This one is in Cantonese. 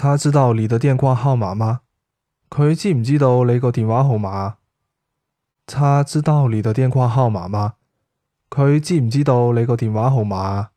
他知道你的電話號碼嗎？佢知唔知道你個電話號碼？他知道你的電話號碼嗎？佢知唔知道你個電話號碼？